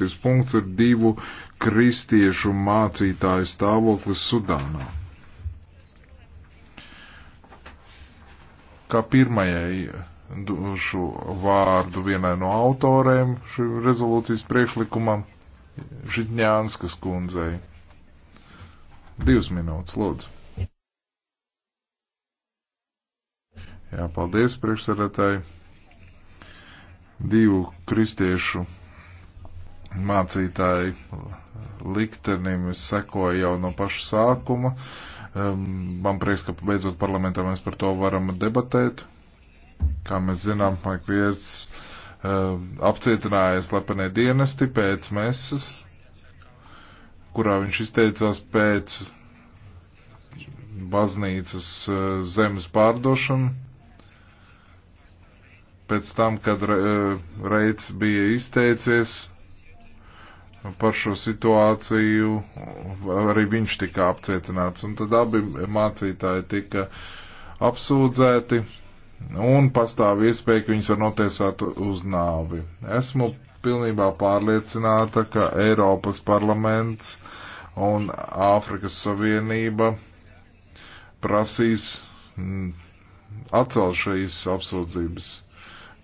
kārtības punkts ir divu kristiešu mācītāju stāvoklis Sudānā. Kā pirmajai došu vārdu vienai no autorēm šim rezolūcijas priekšlikumam, Žitņānskas kundzei. Divas minūtes, lūdzu. Jā, paldies priekšsarētāji. Divu kristiešu mācītāji liktenim sekoja jau no paša sākuma. Man prieks, ka beidzot parlamentā mēs par to varam debatēt. Kā mēs zinām, Maik Vierts apcietināja slepenē dienesti pēc mesas, kurā viņš izteicās pēc baznīcas e, zemes pārdošanu. Pēc tam, kad e, Reits bija izteicies, par šo situāciju, arī viņš tika apcietināts. Un tad abi mācītāji tika apsūdzēti un pastāv iespēja, ka viņus var notiesāt uz nāvi. Esmu pilnībā pārliecināta, ka Eiropas parlaments un Āfrikas Savienība prasīs mm, atcelt šīs apsūdzības.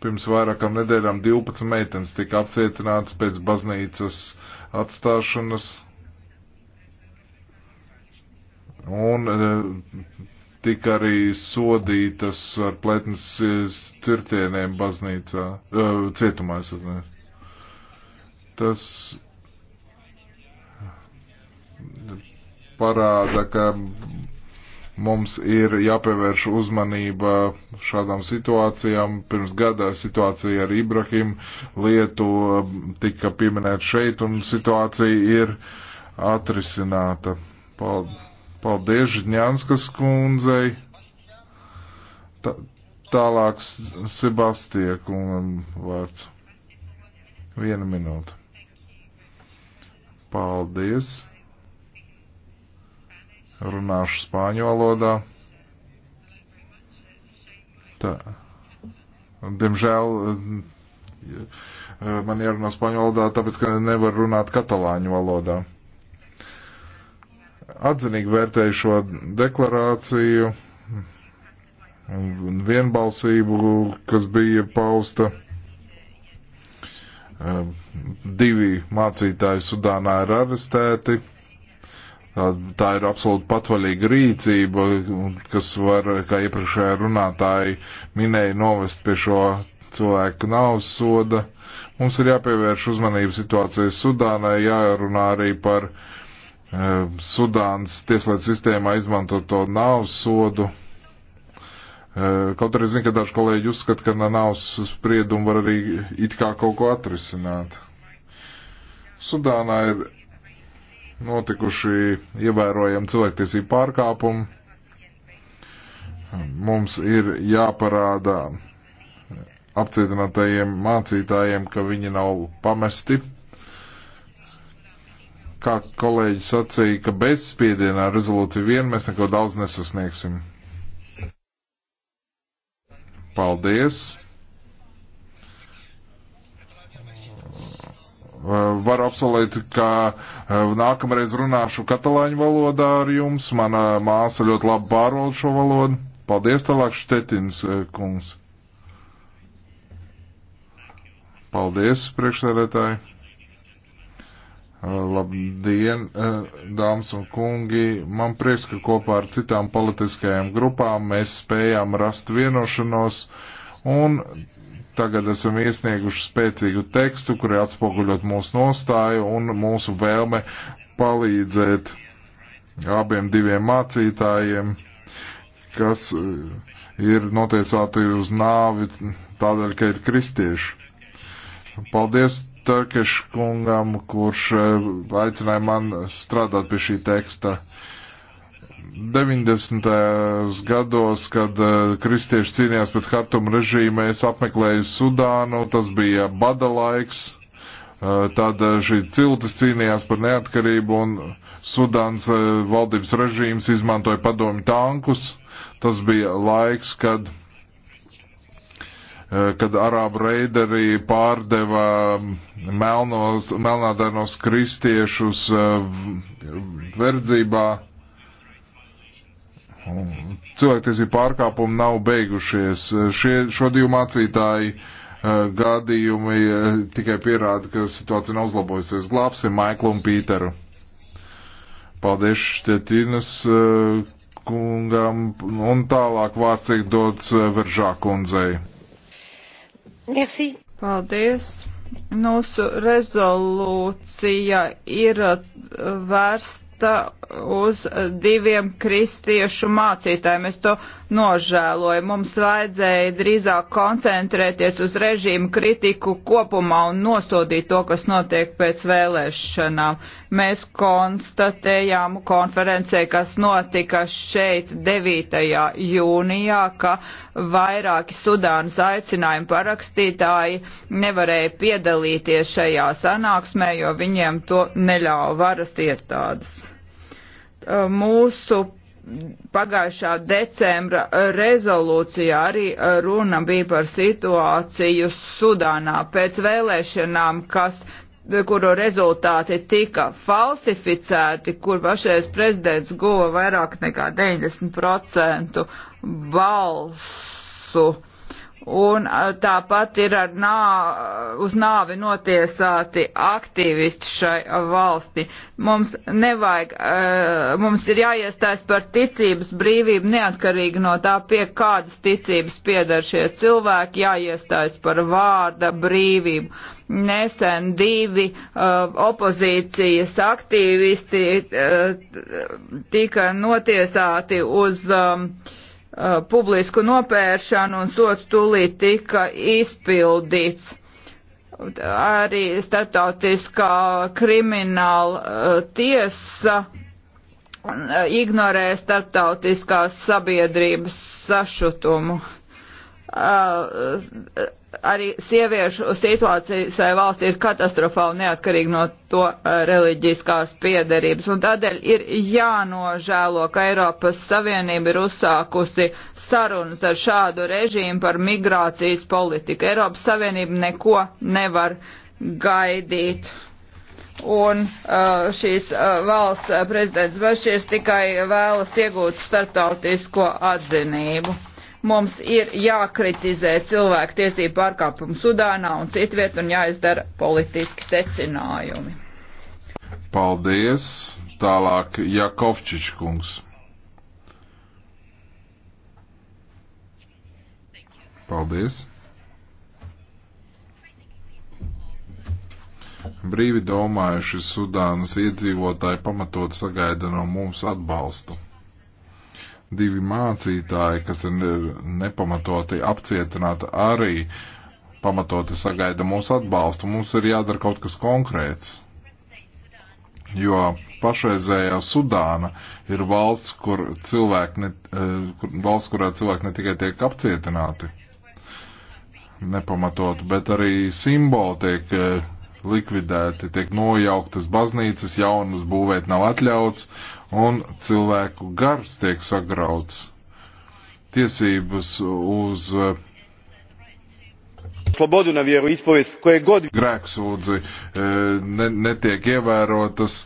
Pirms vairākām nedēļām 12 meitenes tika apcietināts pēc baznīcas atstāšanas. Un e, tika arī sodītas ar pletnes cirtieniem baznīcā, e, cietumā. Tas parāda, ka mums ir jāpievērš uzmanība šādām situācijām. Pirms gadā situācija ar Ibrahim lietu tika pieminēta šeit, un situācija ir atrisināta. Paldies Žņānskas kundzei. Ta tālāk Sebastija kungam vārds. Viena minūte. Paldies. Runāšu spāņu valodā. Tā. Diemžēl eh, man jārunā spāņu valodā, tāpēc, ka nevar runāt katalāņu valodā. Atzinīgi vērtēju šo deklarāciju un vienbalsību, kas bija pausta. Eh, Divi mācītāji Sudānā ir arestēti. Tā ir absolūti patvaļīga rīcība, kas var, kā iepriekšējā runātāji minēja, novest pie šo cilvēku naudas soda. Mums ir jāpievērš uzmanību situācijai Sudānai, jārunā arī par uh, Sudānas tieslietu sistēmā izmantoto naudas sodu. Uh, kaut arī zinu, ka daži kolēģi uzskata, ka naudas spriedumu var arī it kā kaut ko atrisināt. Sudānā ir notikuši ievērojami cilvēktiesību pārkāpumi. Mums ir jāparāda apcietinātajiem mācītājiem, ka viņi nav pamesti. Kā kolēģi sacīja, ka bez spiedienā rezolūcija vien mēs neko daudz nesasniegsim. Paldies! Eh, varu apsolēt, ka eh, nākamreiz runāšu katalāņu valodā ar jums. Mana māsa ļoti labi pārvalda šo valodu. Paldies tālāk, Štetins eh, kungs. Paldies, priekšsēdētāji. Labdien, dāmas un kungi! Man prieks, ka kopā ar citām politiskajām grupām mēs spējām rast vienošanos un tagad esam iesnieguši spēcīgu tekstu, kur ir atspoguļot mūsu nostāju un mūsu vēlme palīdzēt abiem diviem mācītājiem, kas eh, ir notiesāti uz nāvi tādēļ, ka ir kristieši. Paldies Turkešu kungam, kurš eh, aicināja man strādāt pie šī teksta. 90. gados, kad eh, kristieši cīnījās pret Hartumu režīmu, es apmeklēju Sudānu, tas bija bada laiks, eh, tad eh, šī ciltis cīnījās par neatkarību un Sudāns valdības režīms izmantoja padomi tankus. Tas bija laiks, kad, kad arābu reideri pārdeva melnos, melnādainos kristiešus verdzībā Mhm. cilvēktiesību pārkāpumi nav beigušies. Šie, šo divu mācītāju eh, gadījumi eh, tikai pierāda, ka situācija nav uzlabojusies. Glābsim Maiklu un Pīteru. Paldies Štetinas eh, kungam un tālāk vārds tiek dots Veržā kundzei. Merci. Paldies. Mūsu rezolūcija ir vērsta atbalsta uz diviem kristiešu mācītājiem. Es to nožēloju. Mums vajadzēja drīzāk koncentrēties uz režīmu kritiku kopumā un nosodīt to, kas notiek pēc vēlēšanām. Mēs konstatējām konferencē, kas notika šeit 9. jūnijā, ka vairāki Sudānas aicinājumi parakstītāji nevarēja piedalīties šajā sanāksmē, jo viņiem to neļāva varas iestādes. Eh, mūsu pagājušā decembra rezolūcijā arī eh, runa bija par situāciju Sudānā pēc vēlēšanām, kas kuru rezultāti tika falsificēti, kur pašreiz prezidents guva vairāk nekā 90% balsu. Un tāpat ir ar nā, uz nāvi notiesāti aktīvisti šai valsti. Mums nevajag, mums ir jāiestājas par ticības brīvību neatkarīgi no tā, pie kādas ticības piedar šie cilvēki, jāiestājas par vārda brīvību. Nesen divi uh, opozīcijas aktīvisti uh, tika notiesāti uz. Um, uh, uh, publisku nopēršanu un sots tūlīt tika izpildīts. Arī starptautiskā krimināla uh, tiesa uh, ignorē starptautiskās sabiedrības sašutumu. Uh, arī sieviešu situācija savai valstī ir katastrofāli neatkarīgi no to uh, reliģiskās piedarības. Un tādēļ ir jānožēlo, ka Eiropas Savienība ir uzsākusi sarunas ar šādu režīmu par migrācijas politiku. Eiropas Savienība neko nevar gaidīt. Un uh, šīs uh, valsts uh, prezidents Bašīrs tikai vēlas iegūt starptautisko atzinību. Mums ir jākritizē cilvēku tiesību pārkāpumu Sudānā un citviet un jāizdara politiski secinājumi. Paldies! Tālāk Jakovčič kungs. Paldies! Brīvi domājuši Sudānas iedzīvotāji pamatot sagaida no mums atbalstu divi mācītāji, kas ir nepamatoti apcietināti, arī pamatoti sagaida mūsu atbalstu. Mums ir jādara kaut kas konkrēts. Jo pašreizējā Sudāna ir valsts, kur cilvēki ne, eh, kur, valsts, kurā cilvēki ne tikai tiek apcietināti nepamatot, bet arī simboli tiek eh, likvidēti, tiek nojauktas baznīcas, jaunas būvēt nav atļauts, un cilvēku gars tiek sagrauts. Tiesības uz eh, slobodu na vjeroispovijest koje god grēksūdzi eh, ne, netiek ievērotas.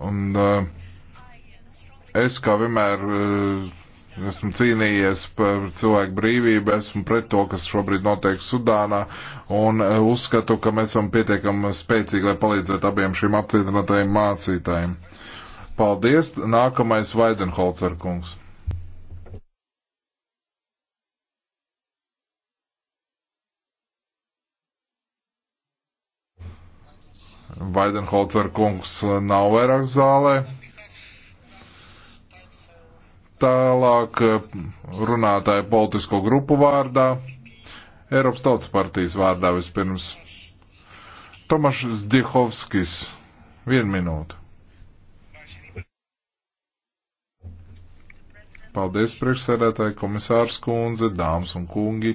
Un eh, es kā vienmēr esmu cīnījies par cilvēku brīvību, esmu pret to, kas šobrīd notiek Sudānā, un uzskatu, ka mēs esam pietiekami spēcīgi, lai palīdzētu abiem šīm apcietinātajiem mācītājiem. Uh, Paldies. Nākamais Vaidenholzer kungs. Vaidenholzer kungs nav vairāk zālē. Tālāk eh, runātāja politisko grupu vārdā, Eiropas Tautas partijas vārdā vispirms. Tomašs Dihovskis, vienu minūtu. Paldies, priekšsēdētāji, komisārs kundze, dāmas un kungi.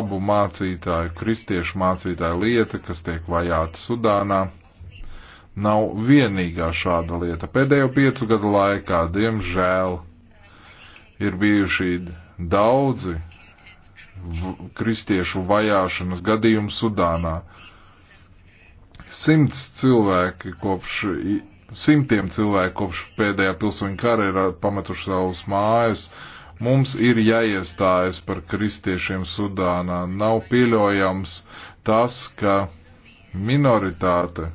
Abu mācītāju, kristiešu mācītāju lieta, kas tiek vajāta Sudānā, nav vienīgā šāda lieta. Pēdējo piecu gadu laikā, diemžēl, ir bijuši daudzi kristiešu vajāšanas gadījumi Sudānā. Simts cilvēki kopš Simtiem cilvēku kopš pēdējā pilsoņu kara ir uh, pametuši savus mājas. Mums ir jāiestājas par kristiešiem Sudānā. Nav pieļaujams tas, ka minoritāte,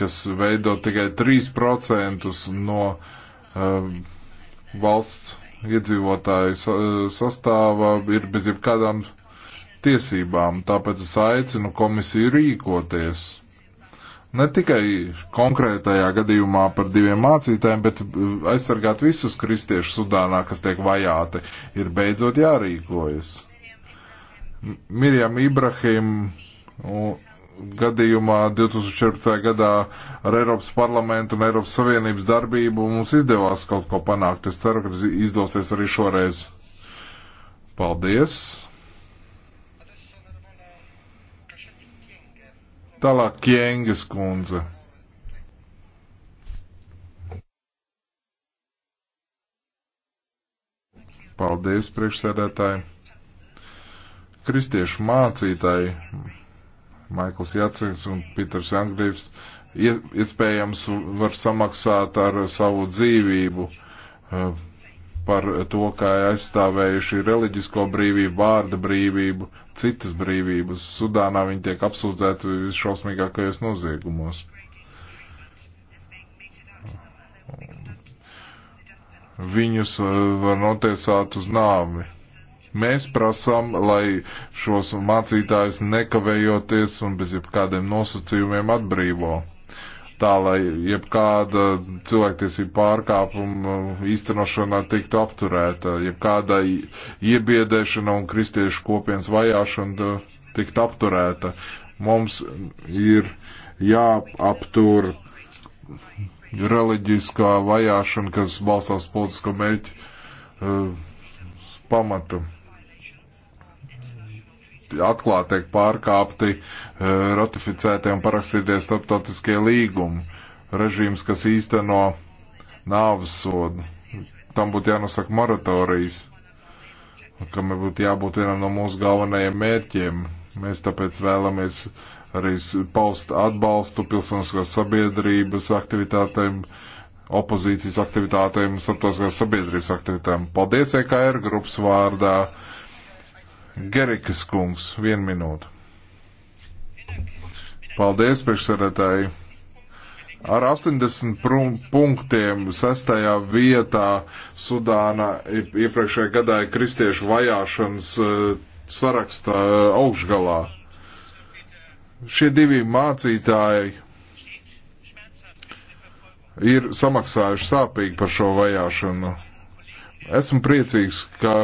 kas veido tikai 3% no uh, valsts iedzīvotāju sa uh, sastāvā, ir bez jebkādām tiesībām. Tāpēc es aicinu komisiju rīkoties ne tikai konkrētajā gadījumā par diviem mācītājiem, bet uh, aizsargāt visus kristiešus Sudānā, kas tiek vajāti, ir beidzot jārīkojas. Mirjam Ibrahim gadījumā 2014. gadā ar Eiropas parlamentu un Eiropas Savienības darbību mums izdevās kaut ko panākt. Es ceru, ka izdosies arī šoreiz. Paldies! Tālāk Kjēngas kundze. Paldies, priekšsēdētāji. Kristiešu mācītāji Maikls Jaceks un Piters Angrīvs iespējams var samaksāt ar savu dzīvību uh, par to, kā aizstāvējuši reliģisko brīvību, vārda brīvību, citas brīvības. Sudānā viņi tiek apsūdzēti visšausmīgākajos noziegumos. Viņus uh, var notiesāt uz nāvi. Mēs prasām, lai šos mācītājus nekavējoties un bez jebkādiem nosacījumiem atbrīvo tā, lai jebkāda cilvēktiesība pārkāpuma īstenošanā tiktu apturēta, jebkāda iebiedēšana un kristiešu kopienas vajāšana tiktu apturēta. Mums ir jāaptur reliģiskā vajāšana, kas balstās politisko mērķu uh, eh, pamatu atklāti tiek pārkāpti eh, ratificētie un parakstītie starptautiskie līgumi. Režīms, kas īsteno nāves sodu. Tam būtu jānosaka moratorijas, kam būtu jābūt vienam no mūsu galvenajiem mērķiem. Mēs tāpēc vēlamies arī paust atbalstu pilsoniskās sabiedrības aktivitātēm, opozīcijas aktivitātēm, starptautiskās sabiedrības aktivitātēm. Paldies EKR grupas vārdā. Gerikas kungs, vienu minūtu. Paldies, priekšsarētāji. Ar 80 punktiem sestajā vietā Sudāna iepriekšējā gadā ir kristiešu vajāšanas eh, saraksta eh, augšgalā. Šie divi mācītāji ir samaksājuši sāpīgi par šo vajāšanu. Esmu priecīgs, ka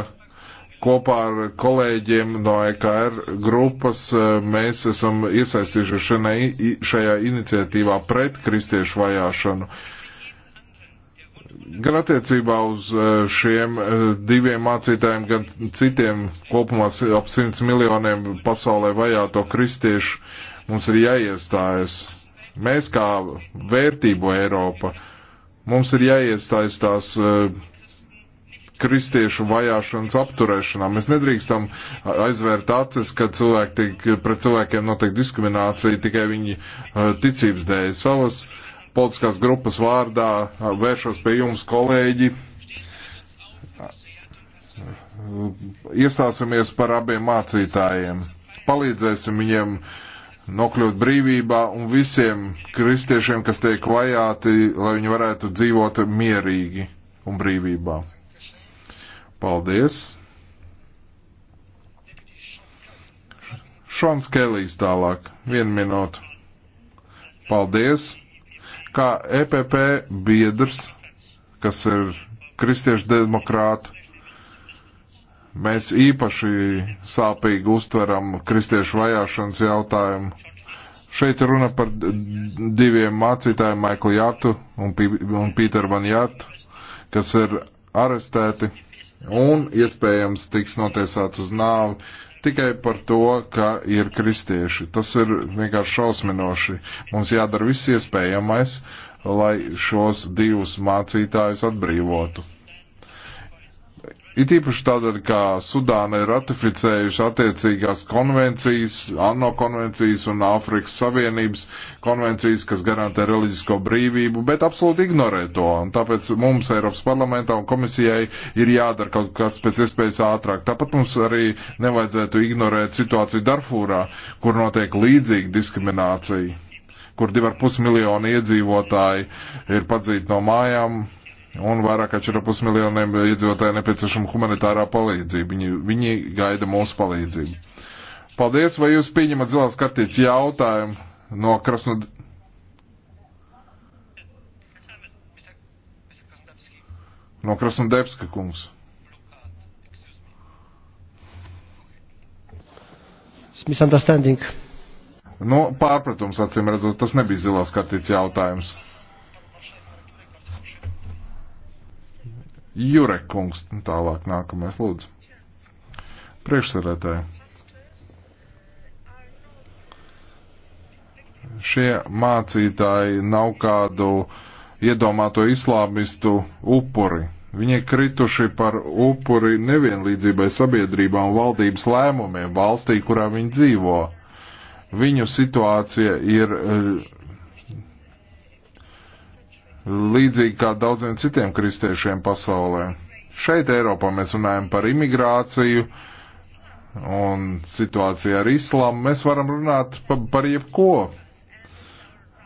kopā ar kolēģiem no EKR grupas eh, mēs esam iesaistījušies šajā, šajā iniciatīvā pret kristiešu vajāšanu. Gan attiecībā uz eh, šiem eh, diviem mācītājiem, gan citiem kopumā ap 100 miljoniem pasaulē vajāto kristiešu mums ir jāiestājas. Mēs kā vērtību Eiropa, mums ir jāiestājas tās uh, kristiešu vajāšanas apturēšanā. Mēs nedrīkstam aizvērt acis, ka cilvēki tiek, pret cilvēkiem notiek diskriminācija tikai viņi uh, ticības dēļ. Savas politiskās grupas vārdā uh, vēršos pie jums, kolēģi. Uh, iestāsimies par abiem mācītājiem. Palīdzēsim viņiem nokļūt brīvībā un visiem kristiešiem, kas tiek vajāti, lai viņi varētu dzīvot mierīgi un brīvībā. Paldies! Šons Kelijs tālāk, vienu minūtu. Paldies! Kā EPP biedrs, kas ir kristiešu demokrātu, mēs īpaši sāpīgi uztveram kristiešu vajāšanas jautājumu. Šeit runa par diviem mācītājiem, Maiklu Jatu un, P un Pīteru Van Jatu, kas ir arestēti un iespējams tiks notiesāts uz nāvi tikai par to, ka ir kristieši. Tas ir vienkārši šausminoši. Mums jādara viss iespējamais, lai šos divus mācītājus atbrīvotu. It īpaši tādēļ, ka Sudāna ir ratificējuši attiecīgās konvencijas, ANO konvencijas un Āfrikas Savienības konvencijas, kas garantē reliģisko brīvību, bet absolūti ignorē to. Un tāpēc mums, Eiropas parlamentā un komisijai, ir jādara kaut kas pēc iespējas ātrāk. Tāpat mums arī nevajadzētu ignorēt situāciju Darfūrā, kur notiek līdzīga diskriminācija, kur 2,5 miljoni iedzīvotāji ir padzīti no mājām un vairāk kā 4,5 miljoniem iedzīvotāju nepieciešama humanitārā palīdzība. Viņi, viņi gaida mūsu palīdzību. Paldies, vai jūs pieņemat zilās kartītes jautājumu no Krasno... No Krasnodebska kungs. Misunderstanding. Nu, pārpratums, acīm redzot, tas nebija zilās kartītes jautājums. Jurekungs nu tālāk nākamais lūdzu. Priekšsarētāji. Šie mācītāji nav kādu iedomāto islāmistu upuri. Viņi ir krituši par upuri nevienlīdzībai sabiedrībā un valdības lēmumiem valstī, kurā viņi dzīvo. Viņu situācija ir eh, līdzīgi kā daudziem citiem kristiešiem pasaulē. Šeit Eiropā mēs runājam par imigrāciju un situāciju ar islamu. Mēs varam runāt pa, par jebko.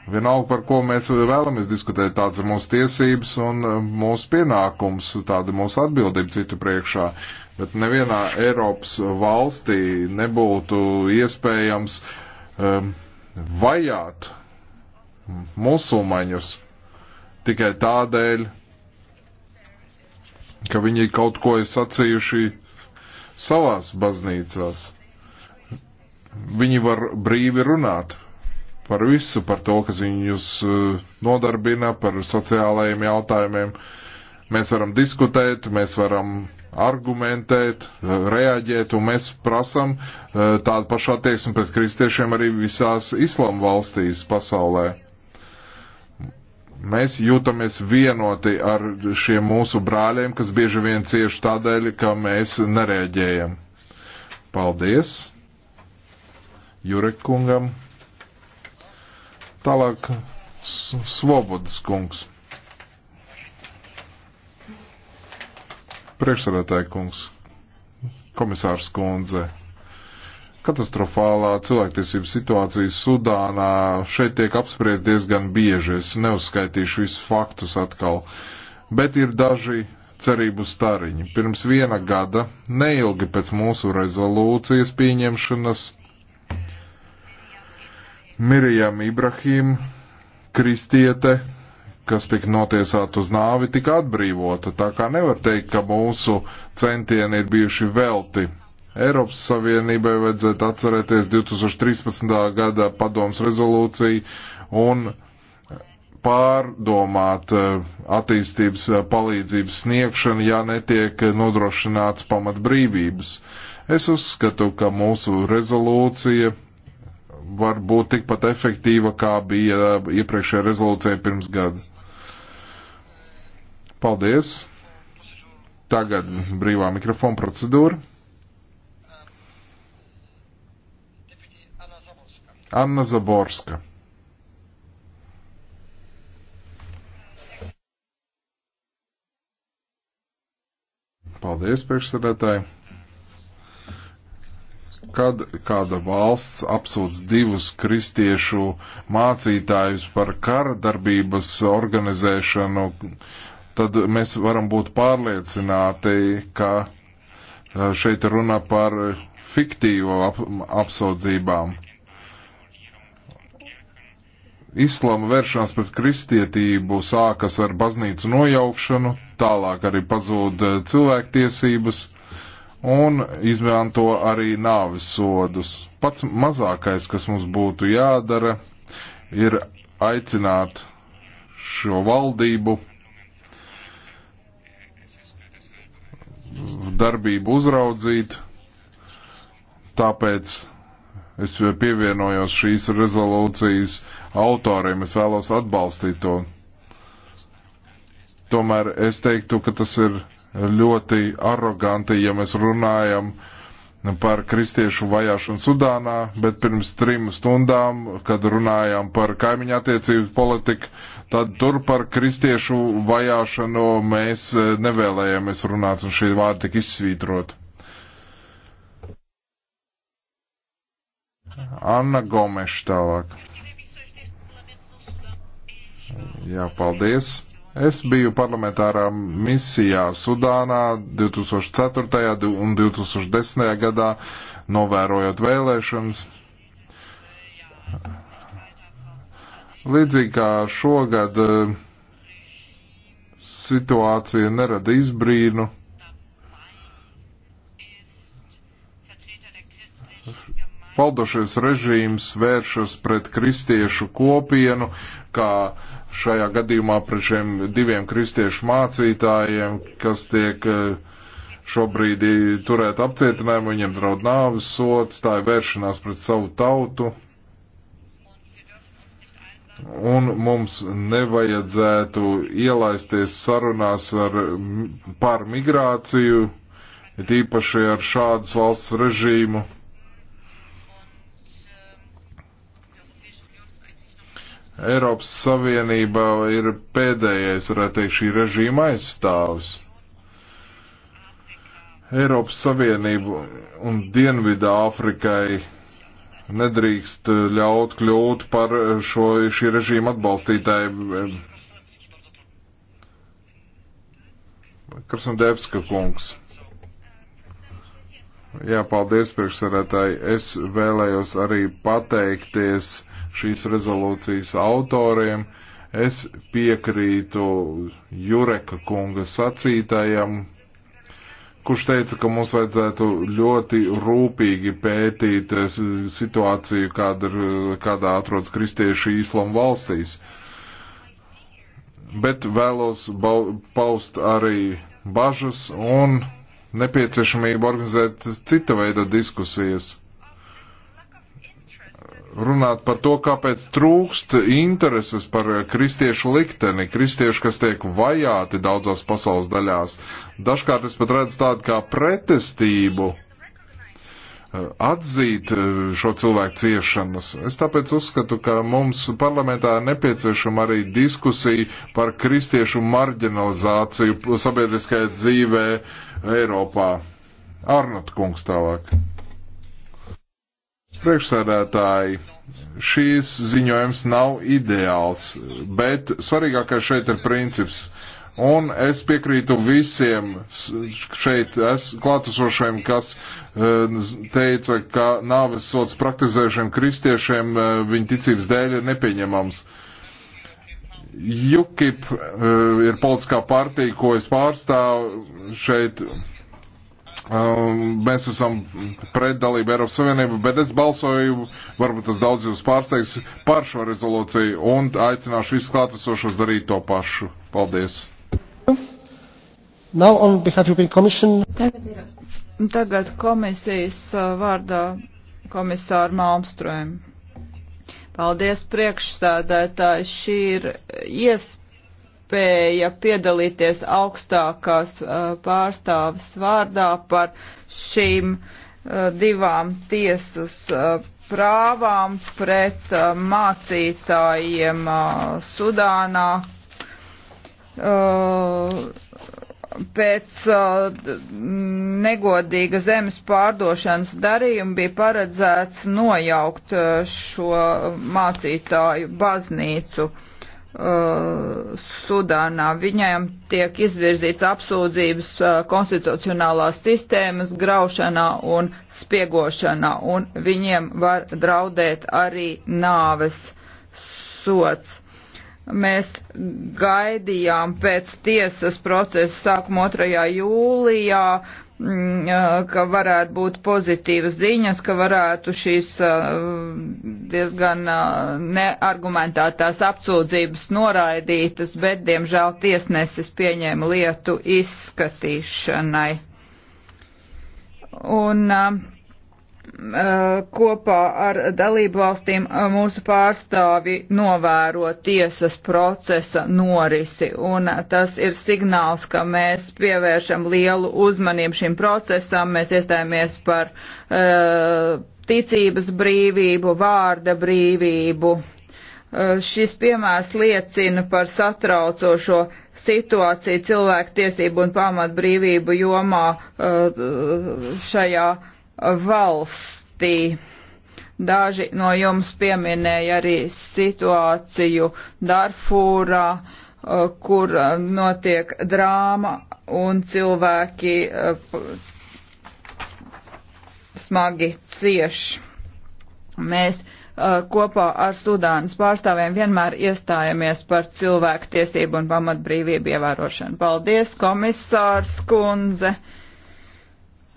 Vienalga, par ko mēs vēlamies diskutēt, tāds ir mūsu tiesības un uh, mūsu pienākums, tāda mūsu atbildība citu priekšā. Bet nevienā Eiropas valstī nebūtu iespējams um, vajāt musulmaņus tikai tādēļ, ka viņi kaut ko ir sacījuši savās baznīcās. Viņi var brīvi runāt par visu, par to, kas viņus eh, nodarbina, par sociālajiem jautājumiem. Mēs varam diskutēt, mēs varam argumentēt, eh, reaģēt, un mēs prasam eh, tādu pašu attieksmi pret kristiešiem arī visās islamu valstīs pasaulē. Mēs jūtamies vienoti ar šiem mūsu brāļiem, kas bieži vien cieši tādēļ, ka mēs nereaģējam. Paldies Jurek kungam. Tālāk Svobodas kungs. Priekšsarētāja kungs, komisārs kundze. Katastrofālā cilvēktiesību situācija Sudānā šeit tiek apspriest diezgan bieži. Es neuzskaitīšu visus faktus atkal. Bet ir daži cerību stariņi. Pirms viena gada, neilgi pēc mūsu rezolūcijas pieņemšanas, Mirijam Ibrahim, kristiete, kas tika notiesāta uz nāvi, tika atbrīvota. Tā kā nevar teikt, ka mūsu centieni ir bijuši velti. Eiropas Savienībai vajadzētu atcerēties 2013. gada padomas rezolūciju un pārdomāt eh, attīstības eh, palīdzības sniegšanu, ja netiek nodrošināts pamat brīvības. Es uzskatu, ka mūsu rezolūcija var būt tikpat efektīva, kā bija iepriekšējā rezolūcija pirms gada. Paldies! Tagad brīvā mikrofona procedūra. Anna Zaborska. Paldies, priekšsēdētāji. Kad kāda valsts apsūdz divus kristiešu mācītājus par kara darbības organizēšanu, tad mēs varam būt pārliecināti, ka eh, šeit runa par fiktīvo ap apsūdzībām. Islāma vēršanās pret kristietību sākas ar baznīcu nojaukšanu, tālāk arī pazūd eh, cilvēktiesības un izmanto arī nāvis sodus. Pats mazākais, kas mums būtu jādara, ir aicināt šo valdību darbību uzraudzīt, tāpēc Es pievienojos šīs rezolūcijas autoriem, es vēlos atbalstīt to. Tomēr es teiktu, ka tas ir ļoti aroganti, ja mēs runājam par kristiešu vajāšanu Sudānā, bet pirms trim stundām, kad runājām par kaimiņu attiecību politiku, tad tur par kristiešu vajāšanu mēs nevēlējāmies runāt, un šī vārda tika izsvītrota. Anna Gomeša tālāk. Jā, paldies. Es biju parlamentārā misijā Sudānā 2004. un 2010. gadā, novērojot vēlēšanas. Līdzīgi kā šogad eh, situācija nerada izbrīnu. Valdošais režīms vēršas pret kristiešu kopienu, kā šajā gadījumā pret šiem diviem kristiešu mācītājiem, kas tiek eh, šobrīd turēt apcietinājumu, viņiem draud nāves sots, tā ir vēršanās pret savu tautu. Un mums nevajadzētu ielaisties sarunās ar, par migrāciju, it īpaši ar šādas valsts režīmu. Eiropas Savienība ir pēdējais, varētu teikt, šī režīma aizstāvis. Eiropas Savienību un Dienvidā Afrikai nedrīkst ļaut kļūt par šo, šī režīma atbalstītāju. Krasnodēvska kungs. Jā, paldies priekšsarētāji. Es vēlējos arī pateikties šīs rezolūcijas autoriem. Es piekrītu Jureka kunga sacītajam, kurš teica, ka mums vajadzētu ļoti rūpīgi pētīt situāciju, kāda, ir, kādā atrodas kristieši īslamu valstīs. Bet vēlos paust arī bažas un nepieciešamību organizēt cita veida diskusijas runāt par to, kāpēc trūkst intereses par kristiešu likteni, kristiešu, kas tiek vajāti daudzās pasaules daļās. Dažkārt es pat redzu tādu kā pretestību eh, atzīt eh, šo cilvēku ciešanas. Es tāpēc uzskatu, ka mums parlamentā ir nepieciešama arī diskusija par kristiešu marginalizāciju sabiedriskajā dzīvē Eiropā. Arnot kungs tālāk. Priekšsēdētāji, šīs ziņojums nav ideāls, bet svarīgākais šeit ir princips. Un es piekrītu visiem šeit klātesošiem, kas eh, teica, ka nāves sots praktizējušiem kristiešiem eh, viņa ticības dēļ ir nepieņemams. UKIP eh, ir politiskā partija, ko es pārstāvu šeit Um, mēs esam pret dalību Eiropas Savienību, bet es balsoju, varbūt tas daudz jūs pārsteigs, par šo rezolūciju un aicināšu visus klātesošos darīt to pašu. Paldies! Tagad, ir, tagad komisijas uh, vārdā komisāra Malmstrēm. Paldies priekšstādētāji, šī ir iespēja iespēja piedalīties augstākās uh, pārstāvis vārdā par šīm uh, divām tiesas uh, prāvām pret mācītājiem Sudānā pēc negodīga zemes pārdošanas darījuma bija paredzēts nojaukt šo mācītāju baznīcu. Uh, Uh, Sudānā. Viņam tiek izvirzīts apsūdzības uh, konstitucionālās sistēmas graušanā un spiegošanā, un viņiem var draudēt arī nāves sots. Mēs gaidījām pēc tiesas procesa sākuma 2. jūlijā Mm, ka varētu būt pozitīvas ziņas, ka varētu šīs diezgan neargumentētās apsūdzības noraidītas, bet, diemžēl, tiesnesis pieņēma lietu izskatīšanai. Un uh, Uh, kopā ar dalību valstīm uh, mūsu pārstāvi novēro tiesas procesa norisi, un uh, tas ir signāls, ka mēs pievēršam lielu uzmanību šim procesam, mēs iestājāmies par uh, ticības brīvību, vārda brīvību. Uh, šis piemērs liecina par satraucošo situāciju cilvēku tiesību un pamatbrīvību jomā uh, šajā valstī. Daži no jums pieminēja arī situāciju Darfūrā, eh, kur eh, notiek drāma un cilvēki eh, smagi cieš. Mēs kopā ar Sudānas pārstāvjiem vienmēr iestājamies par cilvēku tiesību un pamatbrīvību ievērošanu. Paldies, komisārs Kunze!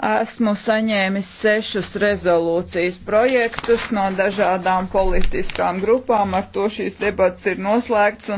Esmu saņēmis sešus rezolūcijas projektus no dažādām politiskām grupām, ar to šīs debats ir noslēgts.